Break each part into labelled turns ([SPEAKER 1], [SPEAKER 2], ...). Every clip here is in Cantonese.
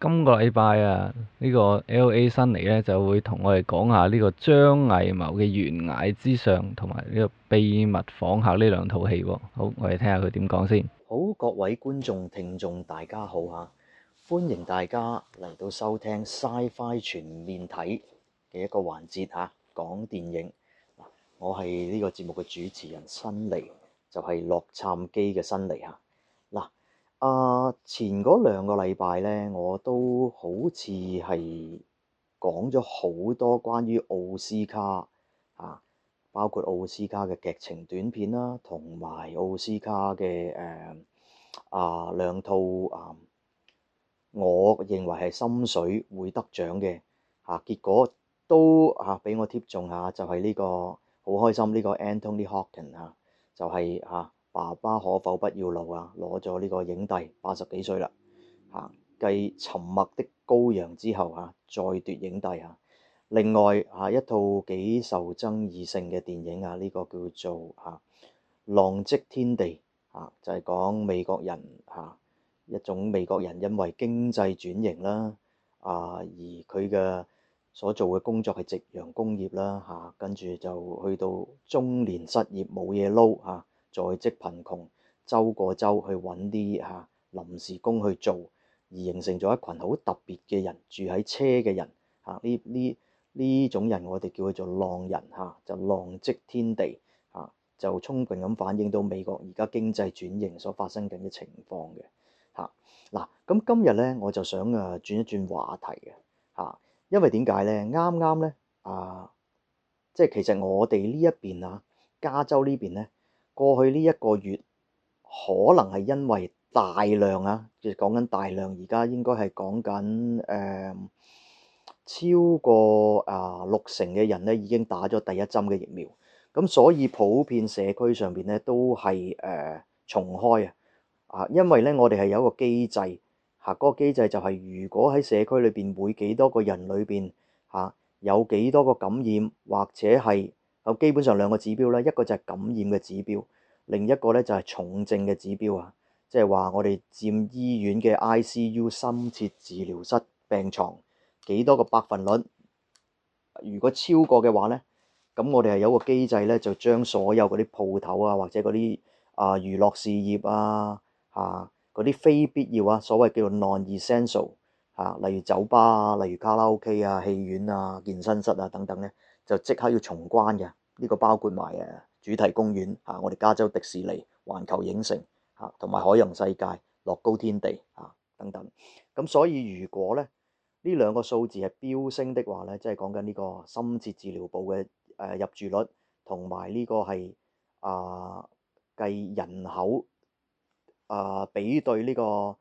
[SPEAKER 1] 今個禮拜啊，呢、這個 L.A. 辛尼咧就會同我哋講下呢個張藝謀嘅《懸崖之上》同埋呢個《秘密訪客》呢兩套戲喎、啊。好，我哋聽下佢點講先。
[SPEAKER 2] 好，各位觀眾、聽眾，大家好嚇、啊！歡迎大家嚟到收聽《Sci-Fi 全面睇》嘅一個環節嚇、啊，講電影。啊、我係呢個節目嘅主持人辛尼，就係洛杉磯嘅辛尼嚇。啊，uh, 前嗰兩個禮拜咧，我都好似係講咗好多關於奧斯卡啊，包括奧斯卡嘅劇情短片啦，同埋奧斯卡嘅誒啊兩套啊，套 uh, 我認為係心水會得獎嘅吓，結果都吓俾、啊、我貼中下就、這個 ken, 啊，就係呢個好開心呢個 Anthony Hopkins 就係吓。啊爸爸可否不要老啊？攞咗呢個影帝，八十幾歲啦。吓，繼沉默的羔羊之後啊，再奪影帝啊。另外啊，一套幾受爭議性嘅電影啊，呢、這個叫做啊浪跡天地啊，就係、是、講美國人啊一種美國人因為經濟轉型啦啊，而佢嘅所做嘅工作係夕陽工業啦嚇，跟住就去到中年失業冇嘢撈啊。在職貧窮，周過周去揾啲啊臨時工去做，而形成咗一群好特別嘅人住喺車嘅人啊。呢呢呢種人我哋叫佢做浪人嚇、啊，就浪跡天地嚇、啊，就充分咁反映到美國而家經濟轉型所發生緊嘅情況嘅嚇嗱。咁、啊、今日咧我就想啊轉一轉話題嘅嚇、啊，因為點解咧啱啱咧啊，即係其實我哋呢一邊啊加州呢邊咧。過去呢一個月可能係因為大量啊，即係講緊大量，而家應該係講緊誒超過啊六成嘅人咧已經打咗第一針嘅疫苗，咁所以普遍社區上邊咧都係誒重開啊，啊，因為咧我哋係有個機制，嚇，嗰個機制就係如果喺社區裏邊每幾多個人裏邊嚇有幾多個感染或者係。基本上兩個指標咧，一個就係感染嘅指標，另一個咧就係重症嘅指標啊，即係話我哋佔醫院嘅 ICU 深切治療室病床幾多個百分率，如果超過嘅話咧，咁我哋係有個機制咧，就將所有嗰啲鋪頭啊，或者嗰啲啊娛樂事業啊，吓嗰啲非必要啊，所謂叫做 non-essential 吓，例如酒吧啊，例如卡拉 OK 啊，戲院啊，健身室啊等等咧。就即刻要重關嘅，呢、這個包括埋誒主題公園嚇，我哋加州迪士尼、環球影城嚇，同埋海洋世界、樂高天地嚇等等。咁所以如果咧呢兩個數字係飆升的話咧，即係講緊呢個深切治療部嘅誒入住率同埋呢個係啊計人口啊、呃、比對呢個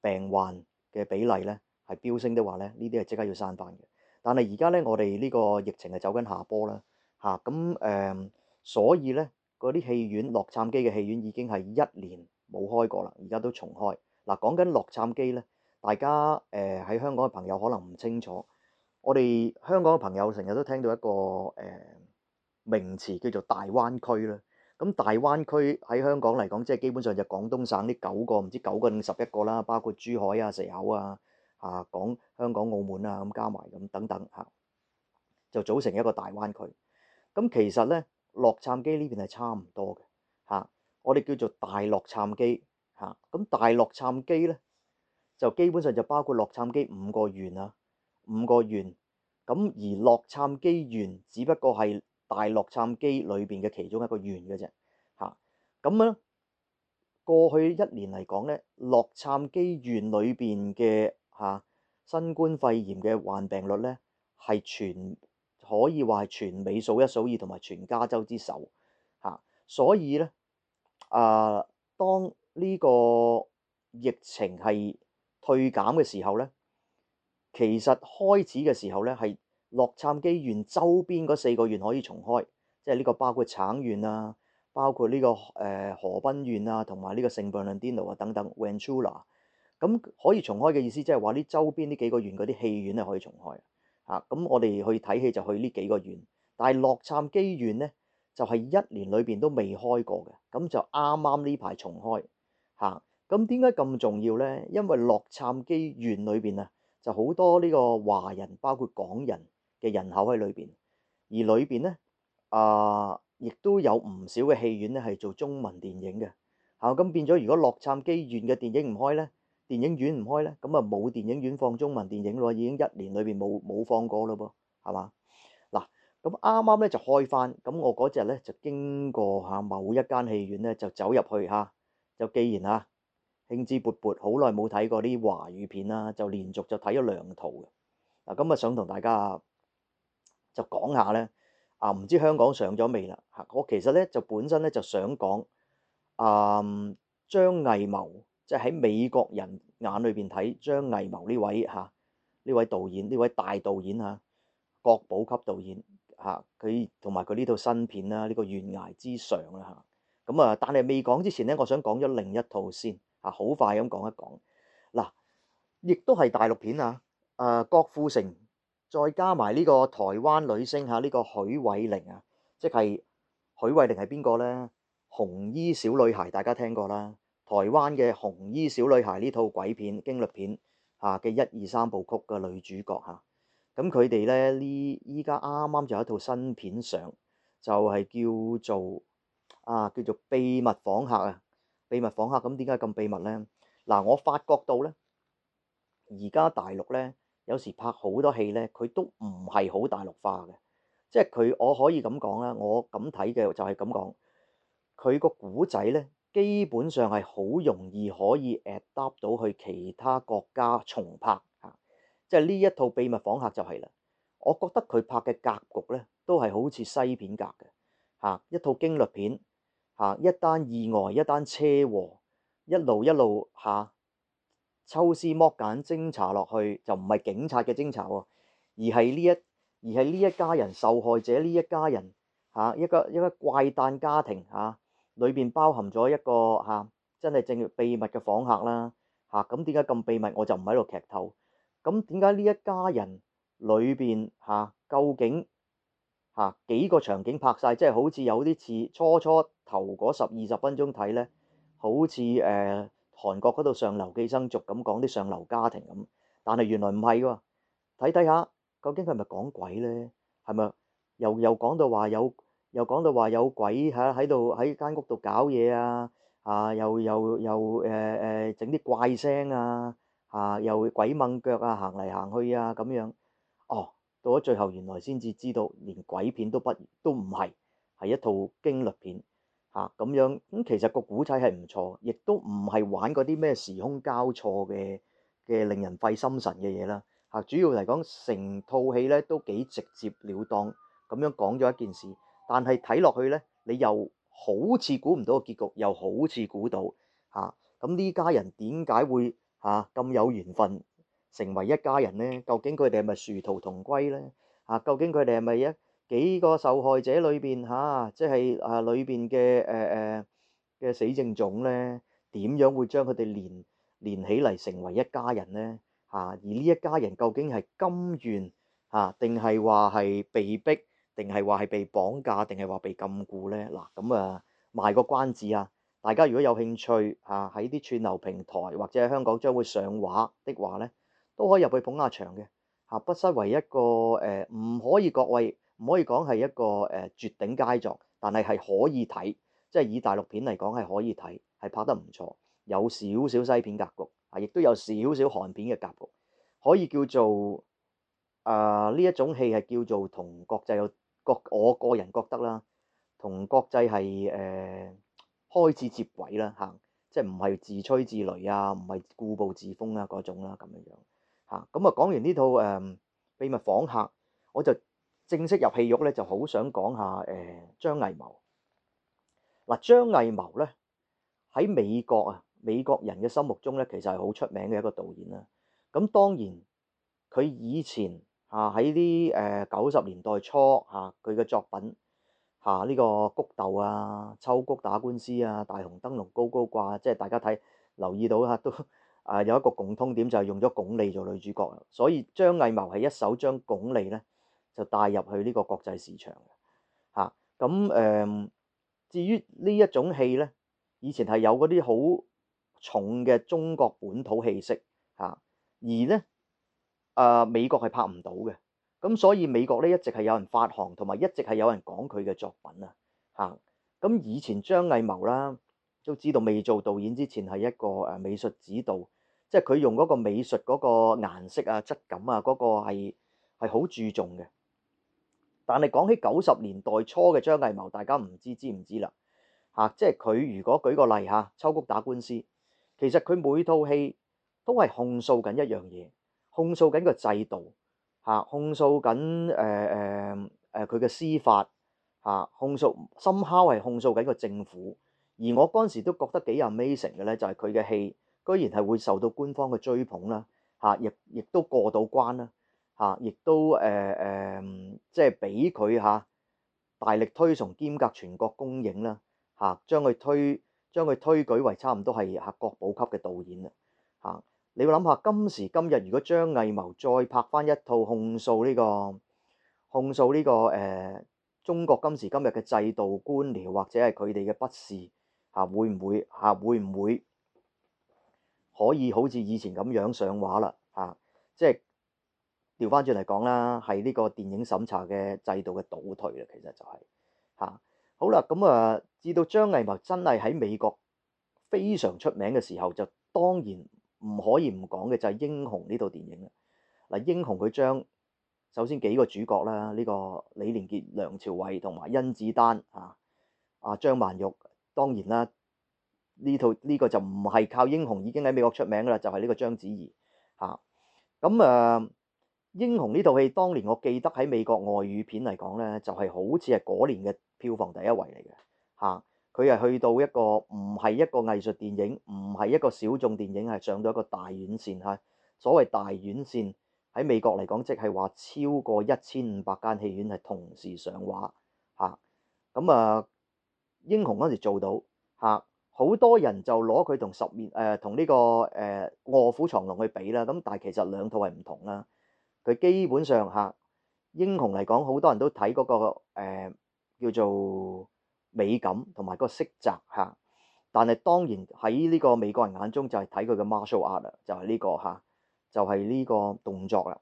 [SPEAKER 2] 病患嘅比例咧係飆升的話咧，呢啲係即刻要閂翻嘅。但係而家咧，我哋呢個疫情係走緊下坡啦，嚇咁誒，所以咧嗰啲戲院，洛杉磯嘅戲院已經係一年冇開過啦，而家都重開。嗱、啊，講緊洛杉磯咧，大家誒喺、呃、香港嘅朋友可能唔清楚，我哋香港嘅朋友成日都聽到一個誒、呃、名詞叫做大灣區啦。咁、啊、大灣區喺香港嚟講，即係基本上就廣東省啲九個唔知九個定十一個啦，包括珠海啊、蛇口啊。啊，講香港、澳門啊，咁加埋咁等等嚇、啊，就組成一個大灣區。咁其實咧，洛杉磯呢邊係差唔多嘅嚇、啊。我哋叫做大洛杉磯嚇。咁、啊、大洛杉磯咧就基本上就包括洛杉磯五個縣啦，五個縣。咁而洛杉磯縣只不過係大洛杉磯裏邊嘅其中一個縣嘅啫嚇。咁、啊、咧、啊、過去一年嚟講咧，洛杉磯縣裏邊嘅嚇、啊，新冠肺炎嘅患病率咧係全可以話係全美數一數二同埋全加州之首嚇、啊，所以咧啊，當呢個疫情係退減嘅時候咧，其實開始嘅時候咧係洛杉磯縣周邊嗰四個縣可以重開，即係呢個包括橙縣啊，包括呢、呢個誒河濱縣啊，同埋呢個聖貝納迪諾啊等等。Ventura 咁可以重開嘅意思，即係話呢周邊呢幾個縣嗰啲戲院啊可以重開啊。嚇，咁我哋去睇戲就去呢幾個縣。但係洛杉磯縣咧就係一年裏邊都未開過嘅，咁就啱啱呢排重開嚇。咁點解咁重要咧？因為洛杉磯縣裏邊啊就好多呢個華人，包括港人嘅人口喺裏邊，而裏邊咧啊亦都有唔少嘅戲院咧係做中文電影嘅嚇。咁變咗，如果洛杉磯縣嘅電影唔開咧，電影院唔開咧，咁啊冇電影院放中文電影咯，已經一年裏邊冇冇放過咯噃，係嘛？嗱，咁啱啱咧就開翻，咁我嗰日咧就經過下某一間戲院咧就走入去吓，就既然啊興致勃勃，好耐冇睇過啲華語片啦，就連續就睇咗兩套嘅，嗱、啊，咁、嗯、啊想同大家就講下咧，啊唔知香港上咗未啦？吓、啊，我其實咧就本身咧就想講啊張藝謀。即喺美國人眼裏邊睇張藝謀呢位嚇呢、啊、位導演呢位大導演嚇、啊、國寶級導演嚇，佢同埋佢呢套新片啦呢、呢個《懸崖之上》啦嚇咁啊！但係未講之前咧，我想講咗另一套先嚇，好、啊、快咁講一講嗱，亦都係大陸片啊！誒，郭富城再加埋呢個台灣女星嚇呢、啊呢個許瑋甯啊，即係許瑋甯係邊個咧？紅衣小女孩大家聽過啦。台灣嘅紅衣小女孩呢套鬼片驚慄片吓嘅一二三部曲嘅女主角吓，咁佢哋咧呢依家，啱啱就有一套新片上，就係、是、叫做啊叫做秘密訪客啊，秘密訪客，咁點解咁秘密咧？嗱、啊，我發覺到咧，而家大陸咧有時拍好多戲咧，佢都唔係好大陸化嘅，即係佢我可以咁講啦，我咁睇嘅就係咁講，佢個古仔咧。基本上係好容易可以 adapt 到去其他國家重拍啊！即係呢一套秘密訪客就係啦。我覺得佢拍嘅格局咧，都係好似西片格嘅嚇、啊，一套驚慄片嚇、啊，一單意外，一單車禍，一路一路下、啊、抽絲剝繭偵查落去，就唔係警察嘅偵查喎、啊，而係呢一而係呢一家人受害者呢一家人嚇、啊、一個一個怪誕家庭嚇。啊裏邊包含咗一個嚇、啊，真係正秘密嘅訪客啦嚇，咁點解咁秘密我就唔喺度劇透。咁點解呢一家人裏邊嚇，究竟嚇、啊、幾個場景拍晒？即係好似有啲似初初頭嗰十二十分鐘睇咧，好似誒、呃、韓國嗰度上流寄生族咁講啲上流家庭咁，但係原來唔係喎。睇睇下究竟佢係咪講鬼咧？係咪又又講到話有？又講到話有鬼嚇喺度喺間屋度搞嘢啊！啊，又又又誒誒整啲怪聲啊！嚇、啊，又鬼掹腳啊，行嚟行去啊咁樣。哦，到咗最後原來先至知道，連鬼片都不都唔係係一套驚慄片嚇咁、啊、樣。咁、嗯、其實個古仔係唔錯，亦都唔係玩嗰啲咩時空交錯嘅嘅令人費心神嘅嘢啦。嚇、啊，主要嚟講，成套戲咧都幾直接了當咁樣講咗一件事。但係睇落去咧，你又好似估唔到個結局，又好似估到嚇。咁呢家人點解會嚇咁有緣分成為一家人咧？究竟佢哋係咪殊途同歸咧？嚇，究竟佢哋係咪一幾個受害者裏邊嚇，即係啊裏邊嘅誒誒嘅死症種咧，點樣會將佢哋連連起嚟成為一家人咧？嚇，而呢一家人究竟係甘願嚇，定係話係被逼？定係話係被綁架，定係話被禁錮咧？嗱，咁啊賣個關子啊！大家如果有興趣嚇喺啲串流平台或者喺香港將會上畫的話咧，都可以入去捧下場嘅嚇、啊。不失為一個誒，唔、呃、可以各位唔可以講係一個誒、呃、絕頂佳作，但係係可以睇，即係以大陸片嚟講係可以睇，係拍得唔錯，有少少西片格局嚇，亦、啊、都有少少韓片嘅格局，可以叫做啊呢、呃、一種戲係叫做同國際有。個我個人覺得啦，同國際係誒、呃、開始接軌啦，行即係唔係自吹自擂啊，唔係故步自封啊嗰種啦咁樣樣嚇。咁啊、嗯、講完呢套誒、嗯、秘密訪客，我就正式入戲肉咧，就好想講下誒、呃、張藝謀。嗱、啊，張藝謀咧喺美國啊，美國人嘅心目中咧，其實係好出名嘅一個導演啦。咁、啊、當然佢以前。啊！喺呢誒九十年代初，嚇佢嘅作品，嚇呢個《菊豆》啊，這個啊《秋菊打官司》啊，《大紅燈籠高高掛、啊》，即係大家睇留意到啦，都啊有一個共通點，就係、是、用咗鞏俐做女主角。所以張藝謀係一手將鞏俐咧就帶入去呢個國際市場。嚇咁誒，至於呢一種戲咧，以前係有嗰啲好重嘅中國本土氣息嚇、啊，而咧。啊！美國係拍唔到嘅，咁所以美國咧一直係有人發行，同埋一直係有人講佢嘅作品啊。嚇咁以前張藝謀啦，都知道未做導演之前係一個誒美術指導，即係佢用嗰個美術嗰個顏色啊、質感啊嗰個係係好注重嘅。但係講起九十年代初嘅張藝謀，大家唔知知唔知啦嚇、啊，即係佢如果舉個例嚇，《秋菊打官司》，其實佢每套戲都係控訴緊一樣嘢。控訴緊個制度嚇，控訴緊誒誒誒佢嘅司法嚇，控訴深刻係控訴緊個政府。而我嗰陣時都覺得幾 amazing 嘅咧，就係佢嘅戲居然係會受到官方嘅追捧啦嚇，亦亦都過到關啦嚇，亦都誒誒、呃呃、即係俾佢嚇大力推崇，兼隔全國公映啦嚇，將佢推將佢推舉為差唔多係嚇國寶級嘅導演啦嚇。你要諗下，今時今日如果張藝謀再拍翻一套控訴呢、呢個控訴呢、呢個誒、呃、中國今時今日嘅制度、官僚或者係佢哋嘅不是吓、啊，會唔會吓、啊、會唔會可以好似以前咁樣上畫啦吓？即係調翻轉嚟講啦，係呢個電影審查嘅制度嘅倒退啦，其實就係、是、吓、啊、好啦。咁、嗯、啊，至到張藝謀真係喺美國非常出名嘅時候，就當然。唔可以唔講嘅就係、是《英雄》呢套電影啦。嗱，《英雄》佢將首先幾個主角啦，呢、這個李連杰、梁朝偉同埋甄子丹啊，啊張曼玉。當然啦，呢套呢個就唔係靠《英雄》已經喺美國出名㗎喇，就係、是、呢個章子怡嚇。咁、啊、誒，啊《英雄》呢套戲當年我記得喺美國外語片嚟講咧，就係、是、好似係嗰年嘅票房第一位嚟嘅嚇。啊佢係去到一個唔係一個藝術電影，唔係一個小眾電影，係上到一個大院線。嚇，所謂大院線喺美國嚟講，即係話超過一千五百間戲院係同時上畫。嚇，咁、嗯呃這個呃、啊，英雄嗰時做到嚇，好多人就攞佢同十面誒同呢個誒《臥虎藏龍》去比啦。咁但係其實兩套係唔同啦。佢基本上嚇英雄嚟講，好多人都睇嗰、那個、呃、叫做。美感同埋個色澤嚇，但係當然喺呢個美國人眼中就係睇佢嘅 martial art 啦，就係呢個嚇，就係呢個動作啦。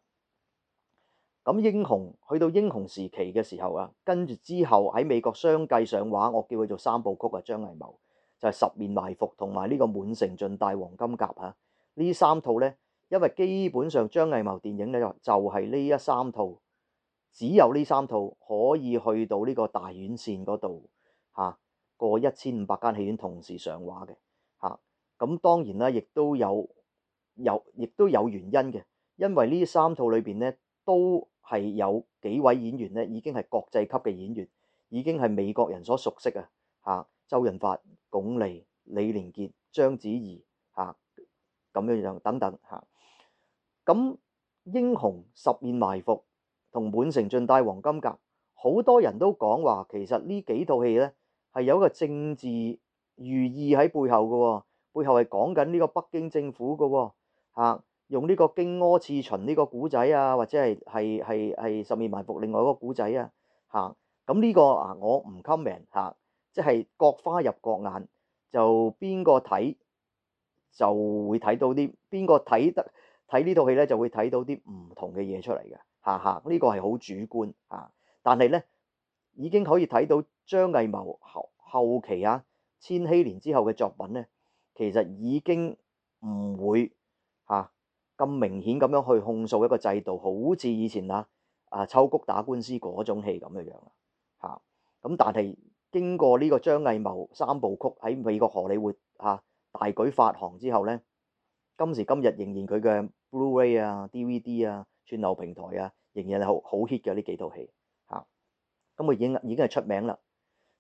[SPEAKER 2] 咁英雄去到英雄時期嘅時候啊，跟住之後喺美國相繼上畫，我叫佢做三部曲啊。張藝謀就係、是《十面埋伏》同埋呢個《滿城盡帶黃金甲》啊。呢三套咧，因為基本上張藝謀電影咧就係呢一三套，只有呢三套可以去到呢個大院線嗰度。啊，過一千五百間戲院同時上畫嘅，吓、啊，咁當然啦，亦都有有，亦都有原因嘅，因為呢三套裏邊咧，都係有幾位演員咧，已經係國際級嘅演員，已經係美國人所熟悉啊，吓，周潤發、鞏俐、李連杰、章子怡，吓、啊，咁樣樣等等吓，咁、啊《英雄》《十面埋伏》同《滿城盡帶黃金甲》，好多人都講話，其實呢幾套戲咧。係有一個政治寓意喺背後嘅、哦，背後係講緊呢個北京政府嘅、哦、吓、啊、用呢個荊軻刺秦呢個古仔啊，或者係係係係十面埋伏另外一個古仔啊，吓，咁呢個我 ment, 啊我唔 comment 吓，即係各花入各眼，就邊個睇就會睇到啲邊個睇得睇呢套戲咧就會睇到啲唔同嘅嘢出嚟嘅，吓吓呢個係好主觀吓、啊，但係咧已經可以睇到。張藝謀後後期啊，千禧年之後嘅作品咧，其實已經唔會嚇咁、啊、明顯咁樣去控訴一個制度，好似以前啊啊秋菊打官司嗰種戲咁嘅樣啊嚇。咁但係經過呢個張藝謀三部曲喺美國荷里活嚇、啊啊、大舉發行之後咧，今時今日仍然佢嘅 Blu-ray 啊、DVD 啊、串流平台啊，仍然係好好 hit 嘅呢幾套戲嚇。咁佢、啊嗯、已經已經係出名啦。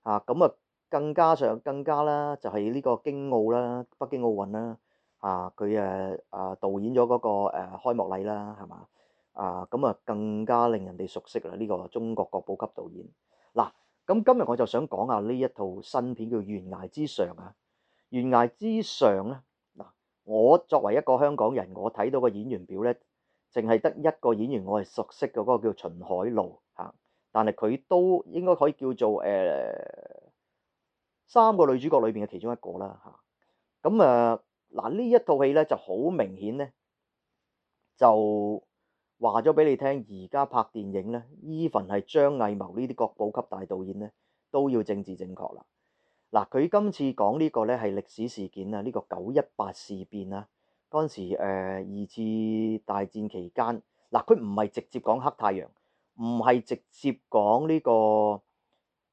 [SPEAKER 2] 啊，咁啊，更加上更加啦，就係呢個京奧啦，北京奧運啦，啊，佢誒啊導演咗嗰個誒開幕禮啦，係嘛啊，咁啊，更加令人哋熟悉啦呢個中國國寶級導演。嗱，咁今日我就想講下呢一套新片叫《懸崖之上》啊，《懸崖之上》咧，嗱，我作為一個香港人，我睇到個演員表咧，淨係得一個演員我係熟悉嘅，嗰個叫秦海璐。但係佢都應該可以叫做誒、呃、三個女主角裏邊嘅其中一個啦嚇。咁啊嗱、啊、呢一套戲咧就好明顯咧就話咗俾你聽，而家拍電影咧，even 係張藝謀呢啲國寶級大導演咧，都要政治正確啦。嗱、啊，佢今次講呢個咧係歷史事件啊，呢、呢個九一八事變啊，嗰陣時、呃、二次大戰期間，嗱佢唔係直接講黑太陽。唔係直接講呢、呢個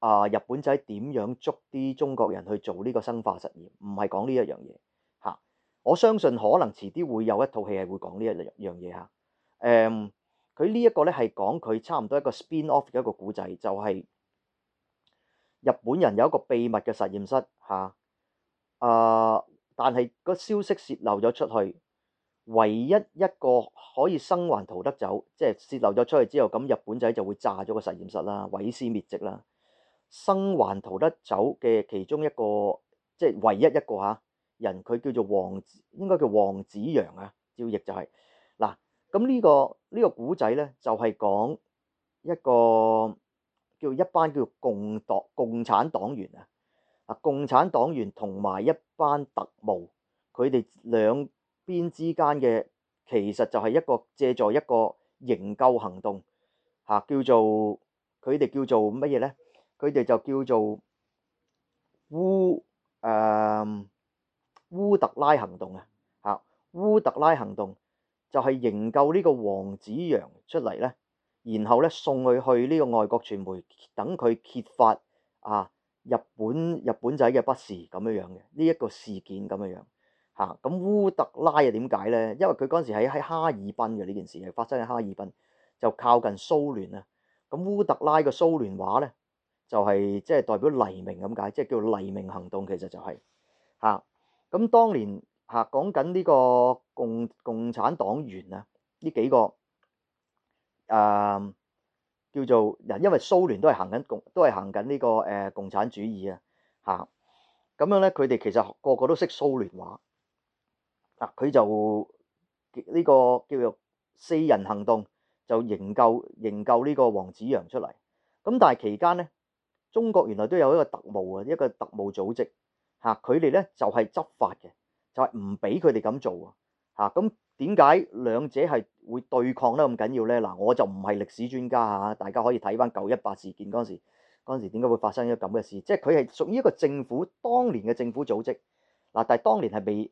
[SPEAKER 2] 啊、呃、日本仔點樣捉啲中國人去做呢個生化實驗，唔係講呢一樣嘢嚇。我相信可能遲啲會有一套戲係會講呢一樣嘢嚇。誒、啊，佢呢一個咧係講佢差唔多一個 spin off 嘅一個故仔，就係、係、日本人有一個秘密嘅實驗室嚇、啊。啊，但係個消息洩漏咗出去，唯一一個可以生還逃得走，即係泄漏咗出去之後，咁日本仔就會炸咗個實驗室啦，毀屍滅跡啦。生還逃得走嘅其中一個，即係唯一一個吓、啊、人，佢叫做王，應該叫王子陽啊，趙奕就係、是、嗱。咁、這個這個、呢個呢個古仔咧，就係、是、講一個叫一班叫共黨共產黨員啊，啊共產黨員同埋一班特務，佢哋兩邊之間嘅，其實就係一個借助一個營救行動，嚇、啊、叫做佢哋叫做乜嘢咧？佢哋就叫做烏誒烏特拉行動啊！嚇，烏特拉行動、啊、烏特拉行動就係營救呢個王子陽出嚟咧，然後咧送佢去呢個外國傳媒，等佢揭發啊日本日本仔嘅不是咁樣樣嘅呢一個事件咁樣樣。嚇咁、嗯、烏特拉又點解咧？因為佢嗰陣時喺喺哈爾濱嘅呢件事係發生喺哈爾濱，就靠近蘇聯啊。咁、嗯、烏特拉嘅蘇聯話咧，就係即係代表黎明咁解，即、就、係、是、叫黎明行動，其實就係、是、嚇。咁、嗯嗯、當年嚇、嗯、講緊呢個共共產黨員啊，呢幾個誒、嗯、叫做人、嗯，因為蘇聯都係行緊共，都係行緊、這、呢個誒、嗯、共產主義啊。嚇、嗯、咁樣咧，佢哋其實個個都識蘇聯話。嗱，佢就呢個叫做四人行動，就營救營救呢個黃子揚出嚟。咁但係期間咧，中國原來都有一個特務啊，一個特務組織。嚇，佢哋咧就係執法嘅，就係唔俾佢哋咁做啊。嚇，咁點解兩者係會對抗得咁緊要咧？嗱，我就唔係歷史專家嚇，大家可以睇翻九一八事件嗰陣時，嗰陣時點解會發生咗咁嘅事，即係佢係屬於一個政府當年嘅政府組織。嗱，但係當年係未。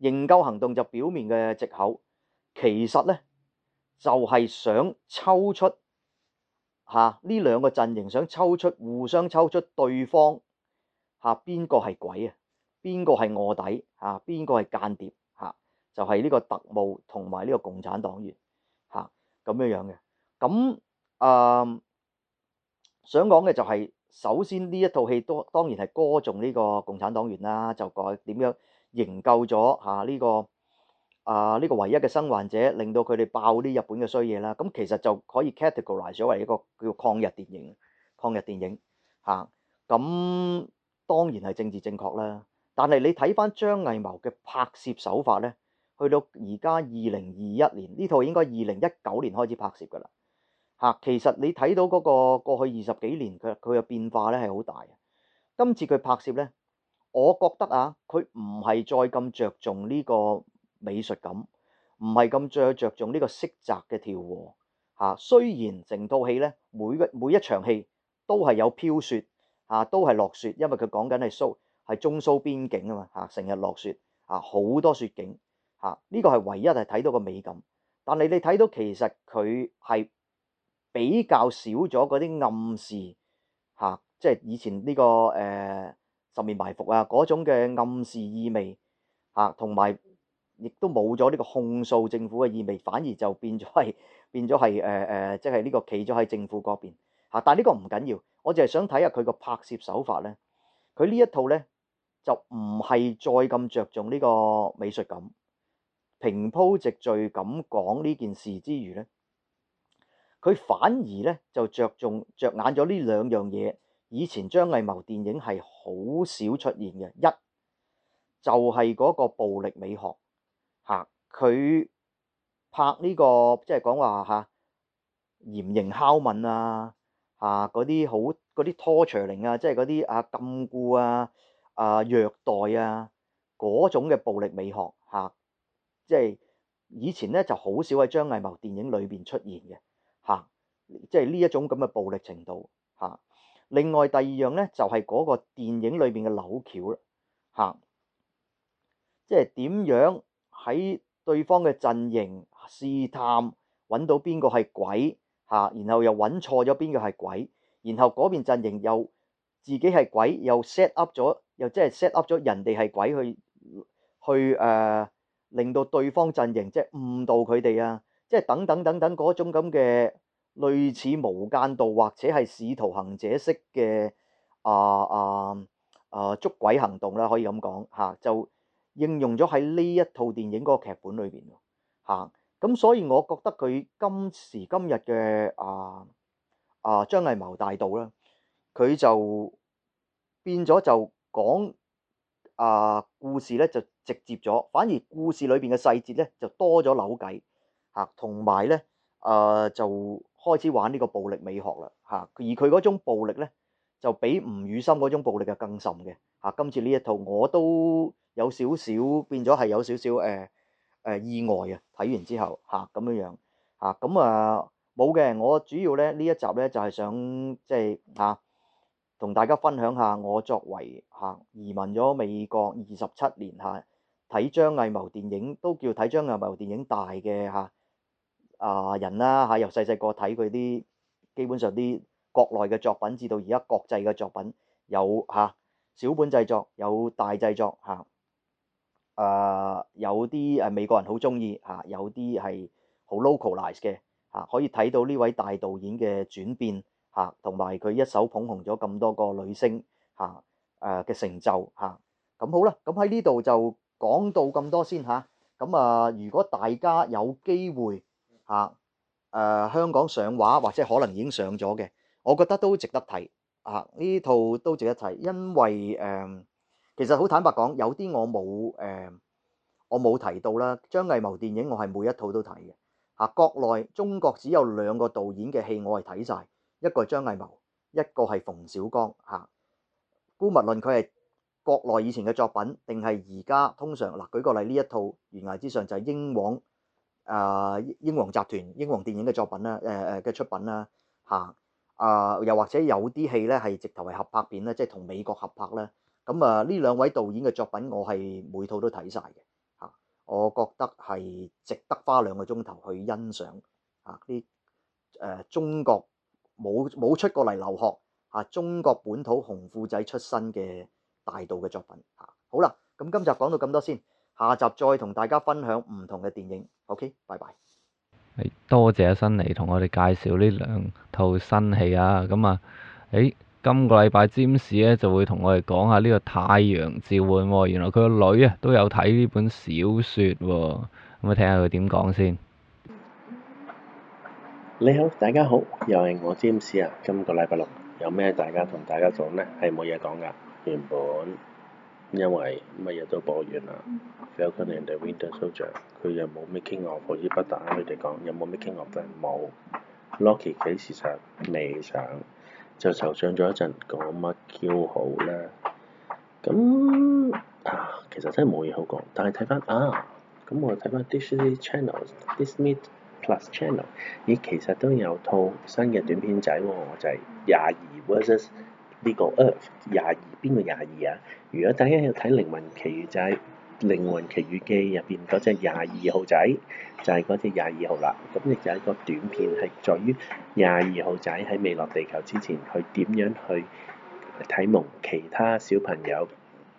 [SPEAKER 2] 營救行動就表面嘅藉口，其實咧就係、是、想抽出吓呢、啊、兩個陣營，想抽出互相抽出對方吓，邊個係鬼啊？邊個係卧底啊？邊個係間諜啊？就係、是、呢個特務同埋呢個共產黨員吓咁、啊、樣樣嘅。咁啊，想講嘅就係、是、首先呢一套戲，當當然係歌頌呢個共產黨員啦，就改點樣。營救咗嚇呢個啊呢個唯一嘅生還者，令到佢哋爆啲日本嘅衰嘢啦。咁其實就可以 categorize 所謂一個叫抗日電影，抗日電影嚇。咁、啊、當然係政治正確啦。但係你睇翻張藝謀嘅拍攝手法咧，去到而家二零二一年呢套應該二零一九年開始拍攝㗎啦嚇。其實你睇到嗰個過去二十幾年佢佢嘅變化咧係好大。今次佢拍攝咧。我覺得啊，佢唔係再咁着重呢個美術感，唔係咁着着重呢個色澤嘅調和。吓、啊，雖然成套戲咧，每個每一場戲都係有飄雪，吓、啊、都係落雪，因為佢講緊係蘇係中蘇邊境啊嘛。吓、啊，成日落雪，吓、啊、好多雪景。吓、啊，呢個係唯一係睇到個美感，但係你睇到其實佢係比較少咗嗰啲暗示。吓、啊，即係以前呢、這個誒。呃十面埋伏啊！嗰種嘅暗示意味嚇，同、啊、埋亦都冇咗呢個控訴政府嘅意味，反而就變咗係變咗係誒誒，即係呢個企咗喺政府嗰邊、啊、但係呢個唔緊要，我淨係想睇下佢個拍攝手法咧。佢呢一套咧就唔係再咁着重呢個美術感，平鋪直敍咁講呢件事之餘咧，佢反而咧就着重着眼咗呢兩樣嘢。以前張藝謀電影係好少出現嘅，一就係、是、嗰個暴力美學嚇。佢、啊、拍呢、這個即係講話嚇嚴刑拷問啊，嚇嗰啲好嗰啲拖長令啊，即係嗰啲啊禁錮啊啊虐待啊嗰種嘅暴力美學嚇、啊，即係以前咧就好少喺張藝謀電影裏邊出現嘅嚇、啊，即係呢一種咁嘅暴力程度嚇。啊。另外第二樣咧，就係嗰個電影裏邊嘅扭橋啦，嚇，即係點樣喺對方嘅陣營試探揾到邊個係鬼嚇，然後又揾錯咗邊個係鬼，然後嗰邊陣營又自己係鬼又 set up 咗，又即係 set up 咗人哋係鬼去去誒，令到對方陣營即係誤導佢哋啊，即係等等等等嗰種咁嘅。類似無間道或者係使徒行者式嘅，啊啊啊捉鬼行動啦，可以咁講吓，就應用咗喺呢一套電影嗰個劇本裏邊吓。咁、啊、所以我覺得佢今時今日嘅啊啊張藝謀大道啦，佢就變咗就講啊故事咧就直接咗，反而故事裏邊嘅細節咧就多咗扭計吓，同埋咧誒就。開始玩呢個暴力美學啦嚇、啊，而佢嗰種暴力咧就比吳宇森嗰種暴力啊更甚嘅嚇、啊。今次呢一套我都有少少變咗，係有少少誒誒、呃呃、意外啊！睇完之後嚇咁、啊、樣樣嚇咁啊冇嘅，我主要咧呢一集咧就係、是、想即係嚇同大家分享下我作為嚇、啊、移民咗美國二十七年嚇睇張藝謀電影都叫睇張藝謀電影大嘅嚇。啊啊人啦嚇，由細細個睇佢啲，基本上啲國內嘅作品，至到而家國際嘅作品有嚇小本製作，有大製作嚇，誒有啲誒美國人好中意嚇，有啲係好 localize 嘅嚇，可以睇到呢位大導演嘅轉變嚇，同埋佢一手捧紅咗咁多個女星嚇誒嘅成就嚇，咁好啦，咁喺呢度就講到咁多先嚇，咁啊如果大家有機會，啊，誒香港上畫或者可能已經上咗嘅，我覺得都值得睇。啊，呢套都值得睇，因為誒、嗯，其實好坦白講，有啲我冇誒、嗯，我冇提到啦。張藝謀電影我係每一套都睇嘅。嚇、啊，國內中國只有兩個導演嘅戲我係睇晒，一個係張藝謀，一個係馮小剛。嚇、啊，姑勿論佢係國內以前嘅作品定係而家，通常嗱、啊，舉個例呢一套《懸崖之上》就係英皇。啊！英皇集團、英皇電影嘅作品啦，誒誒嘅出品啦，嚇啊，啊！又或者有啲戲咧係直頭係合拍片咧，即係同美國合拍咧。咁啊，呢兩位導演嘅作品，我係每套都睇晒嘅嚇，我覺得係值得花兩個鐘頭去欣賞嚇啲誒中國冇冇出過嚟留學嚇、啊，中國本土紅褲仔出身嘅大導嘅作品嚇、啊。好啦，咁今集講到咁多先。下集再同大家分享唔同嘅電影，OK，拜拜。
[SPEAKER 1] 係多謝阿辛尼同我哋介紹呢兩套新戲啊！咁啊，誒，今個禮拜 James 咧就會同我哋講下呢個《太陽召喚》喎，原來佢個女啊都有睇呢本小說喎，咁啊睇下佢點講先。
[SPEAKER 3] 你好，大家好，又係我 James 啊！今個禮拜六有咩大家同大家講呢？係冇嘢講噶，原本。因為乜嘢都播完啦、mm hmm.。Falcon and Winter Soldier，佢又冇咩 making of，可以不打佢哋講，有冇咩 making of？佢冇。Loki 幾時上？未上？就受傷咗一陣，講乜 Q 好啦。咁啊，其實真係冇嘢好講。但係睇翻啊，咁我睇翻 Disney Channel、Disney Plus Channel，咦，其實都有套新嘅短片仔喎，就係廿二 Versus。呢個啊，廿二邊個？廿二啊？如果大家要睇靈魂奇遇，就係、是《靈魂奇遇記》入邊嗰隻廿二號仔，就係嗰隻廿二號啦。咁亦就係一個短片，係在於廿二號仔喺未落地球之前，佢點樣去睇蒙其他小朋友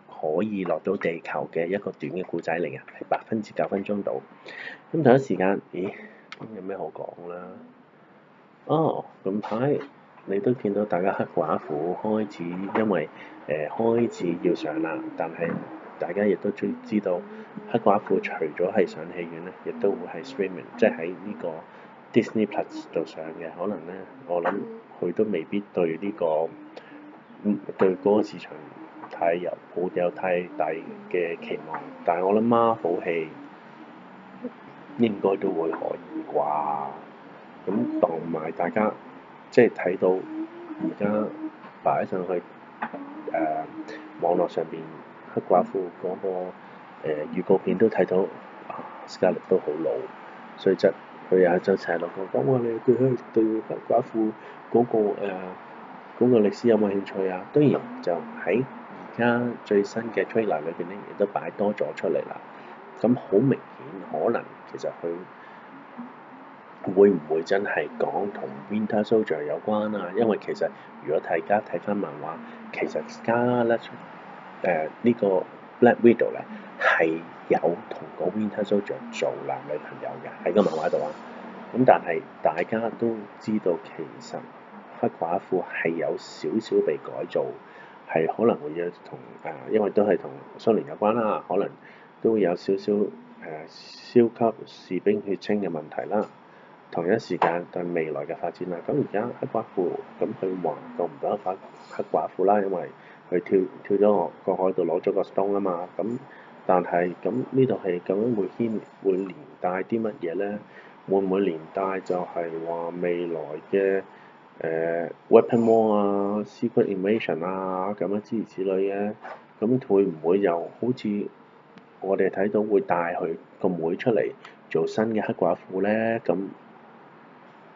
[SPEAKER 3] 可以落到地球嘅一個短嘅故仔嚟啊？係百分之九分鐘度。咁同一時間，咦，有咩好講啦？哦，咁睇。你都見到大家黑寡婦開始，因為誒、呃、開始要上啦，但係大家亦都知知道黑寡婦除咗係上戲院咧，亦都會係 streaming，即係喺呢個 Disney Plus 度上嘅。可能咧，我諗佢都未必對呢、呢個唔、嗯、對嗰個市場太有抱有太大嘅期望，但係我諗孖寶戲應該都會可以啩。咁同埋大家。即係睇到而家擺上去誒、呃、網絡上邊黑寡婦嗰、那個誒預、呃、告片都睇到啊，斯嘉麗都好老，所以就佢又就成日落過。咁我哋佢喺對黑寡婦嗰個誒嗰個歷史有冇興趣啊？當然就喺而家最新嘅 trailer 裏邊咧，亦都擺多咗出嚟啦。咁好明顯，可能其實佢。會唔會真係講同 Winter Soldier 有關啊？因為其實如果大家睇翻漫畫，其實 Scarlett 誒呢、呃呢個 Black Widow 咧係有同個 Winter Soldier 做男女朋友嘅喺個漫畫度啊。咁、嗯、但係大家都知道，其實黑寡婦係有少少被改造，係可能會有同誒，因為都係同蘇聯有關啦，可能都有少少誒超級士兵血清嘅問題啦。同一時間對未來嘅發展啦，咁而家黑寡婦咁佢還夠唔夠翻黑寡婦啦，因為佢跳跳咗落個海度攞咗個 stone 啊嘛，咁但係咁呢度係咁樣會牽會連帶啲乜嘢咧？會唔會連帶就係話未來嘅誒、呃、Weapon One 啊、Secret Invasion 啊咁樣諸如此類嘅，咁會唔會又好似我哋睇到會帶佢個妹妹出嚟做新嘅黑寡婦咧？咁？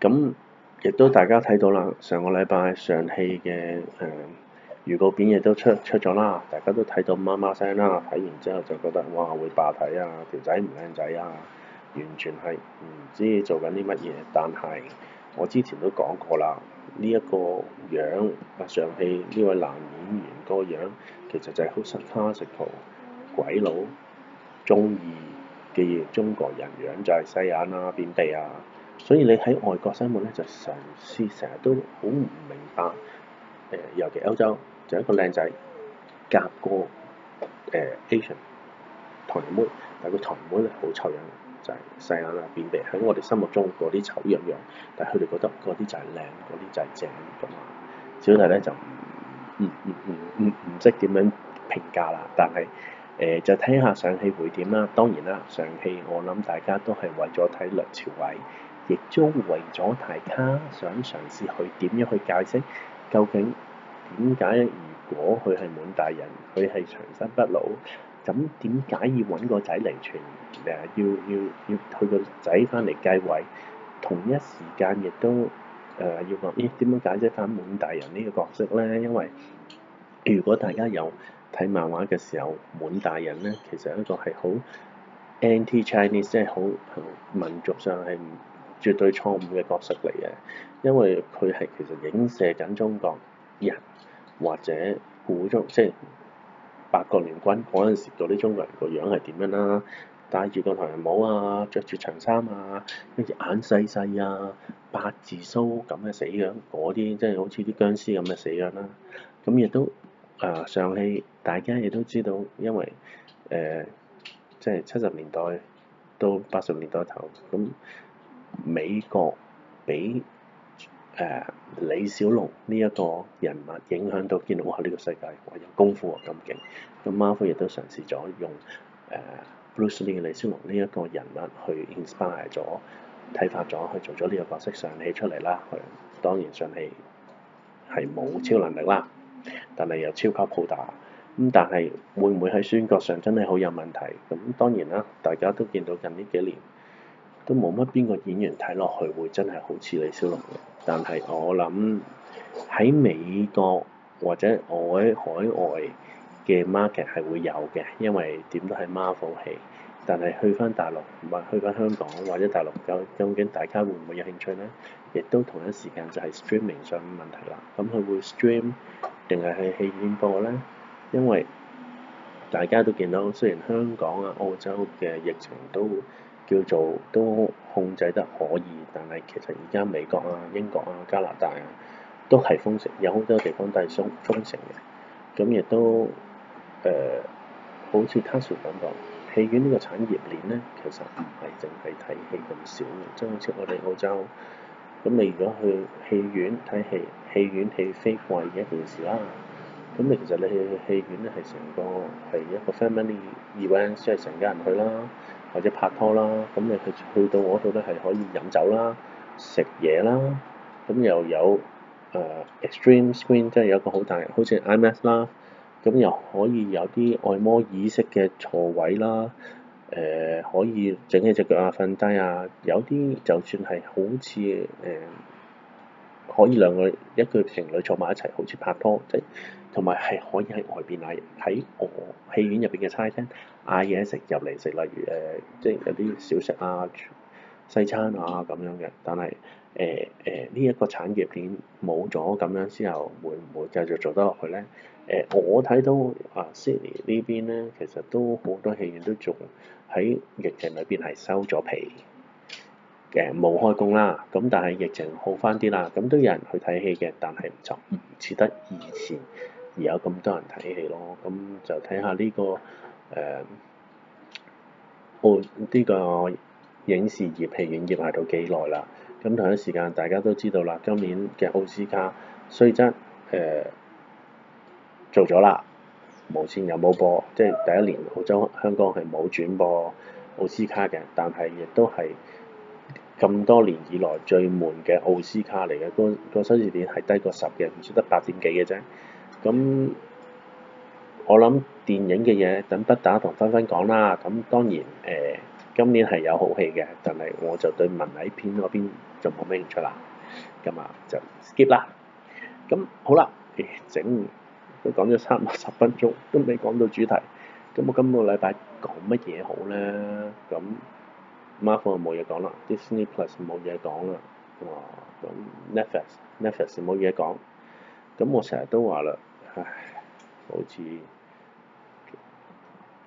[SPEAKER 3] 咁亦都大家睇到啦，上個禮拜上戲嘅誒預告片亦都出出咗啦，大家都睇到麻麻聲啦，睇完之後就覺得哇會霸體啊，條仔唔靚仔啊，完全係唔知做緊啲乜嘢。但係我之前都講過啦，呢、這、一個樣啊上戲呢位男演員個樣其實就係好似拍直圖，鬼佬中意嘅嘢，中國人樣就係細眼啊，扁鼻啊。所以你喺外國生活咧，就成時成日都好唔明白，誒、呃，尤其歐洲，就一個靚仔夾個誒、呃、Asian 唐人妹，但係個唐人妹係好醜樣，就係、是、細眼啊、扁鼻，喺我哋心目中嗰啲醜樣樣，但係佢哋覺得嗰啲就係靚，嗰啲就係正咁啊。小弟咧就唔唔唔唔唔識點樣評價啦，但係誒、呃、就睇下上戲會點啦。當然啦，上戲我諗大家都係為咗睇梁朝偉。亦都為咗大家想嘗試去點樣去解釋，究竟點解如果佢係滿大人，佢係長生不老，咁點解要搵個仔嚟傳？誒要要要，佢個仔翻嚟繼位，同一時間亦都誒、呃、要講，咦點樣解釋翻滿大人呢個角色咧？因為如果大家有睇漫畫嘅時候，滿大人咧其實一個係好 anti-Chinese，即係好、呃、民族上係唔，絕對錯誤嘅角色嚟嘅，因為佢係其實影射緊中國人或者古中，即係八國聯軍嗰陣時嗰啲中國人個樣係點樣啦，戴住個唐人帽啊，着住長衫啊，跟住眼細細啊，八字鬚咁嘅死樣，嗰啲即係好似啲僵屍咁嘅死樣啦、啊。咁亦都誒、呃、上戲，大家亦都知道，因為誒、呃、即係七十年代到八十年代頭咁。美國俾誒、呃、李小龍呢一個人物影響到，見到我喺呢個世界，哇有功夫啊咁勁。咁、嗯、Marvel 亦都嘗試咗用誒、呃、Bruce Lee 李小龍呢一個人物去 inspire 咗、啟發咗去做咗呢個角色上氣出嚟啦、嗯。當然上氣係冇超能力啦，但係又超級好打。咁但係會唔會喺選角上真係好有問題？咁當然啦，大家都見到近呢幾年。都冇乜邊個演員睇落去會真係好似李小龍嘅，但係我諗喺美國或者我喺海外嘅 market 係會有嘅，因為點都係 Marvel 戲。但係去翻大陸，唔係去翻香港或者大陸，究竟大家會唔會有興趣呢？亦都同一時間就係 streaming 上嘅問題啦。咁佢會 stream 定係去戲院播呢？因為大家都見到，雖然香港啊、澳洲嘅疫情都叫做都控制得可以，但係其實而家美國啊、英國啊、加拿大啊，都係封城，有好多地方都係封封城嘅。咁亦都誒、呃，好似 Tasuku 咁 h a 講戲院呢個產業鏈咧，其實唔係淨係睇戲咁少嘅，即係好似我哋澳洲。咁你如果去戲院睇戲，戲院戲飛貴嘅一件事啦。咁你其實你去戲院咧係成個係一個 family event，即係成家人去啦。或者拍拖啦，咁你佢去到嗰度都係可以飲酒啦、食嘢啦，咁又有誒、呃、Extreme Screen，即係有一個好大，好似 IMAX 啦，咁又可以有啲按摩椅式嘅座位啦，誒、呃、可以整起隻腳啊、瞓低啊，有啲就算係好似誒、呃、可以兩個一個情侶坐埋一齊，好似拍拖即。同埋係可以喺外邊嗌，喺我戲院入邊嘅餐廳嗌嘢食入嚟食，例如誒、呃，即係有啲小食啊、西餐啊咁樣嘅。但係誒誒，呢、呃、一、呃這個產業鏈冇咗咁樣之後，會唔會繼續做得落去咧？誒、呃，我睇到啊，悉尼呢邊咧，其實都好多戲院都仲喺疫情裏邊係收咗皮嘅，冇、呃、開工啦。咁但係疫情好翻啲啦，咁都有人去睇戲嘅，但係就唔似得以前。而有咁多人睇戲咯，咁就睇下呢個誒澳呢個影視業、戲院業賣到幾耐啦。咁同一時間，大家都知道啦，今年嘅奧斯卡雖則誒做咗啦，無線又冇播，即係第一年澳洲，好咗香港係冇轉播奧斯卡嘅，但係亦都係咁多年以來最悶嘅奧斯卡嚟嘅，個、那個收視點係低過十嘅，唔知得八點幾嘅啫。咁我諗電影嘅嘢等不打同分分講啦。咁當然誒、呃，今年係有好戲嘅，但係我就對文藝片嗰邊就冇咩興趣啦。咁啊就 skip 啦。咁好啦、欸，整都講咗差唔多十分鐘，都未講到主題。咁我今個禮拜講乜嘢好咧？咁 Marvel 冇嘢講啦，Disney Plus 冇嘢講啦。哇，咁 Netflix Netflix 冇嘢講。咁我成日都話啦～唉，好似其，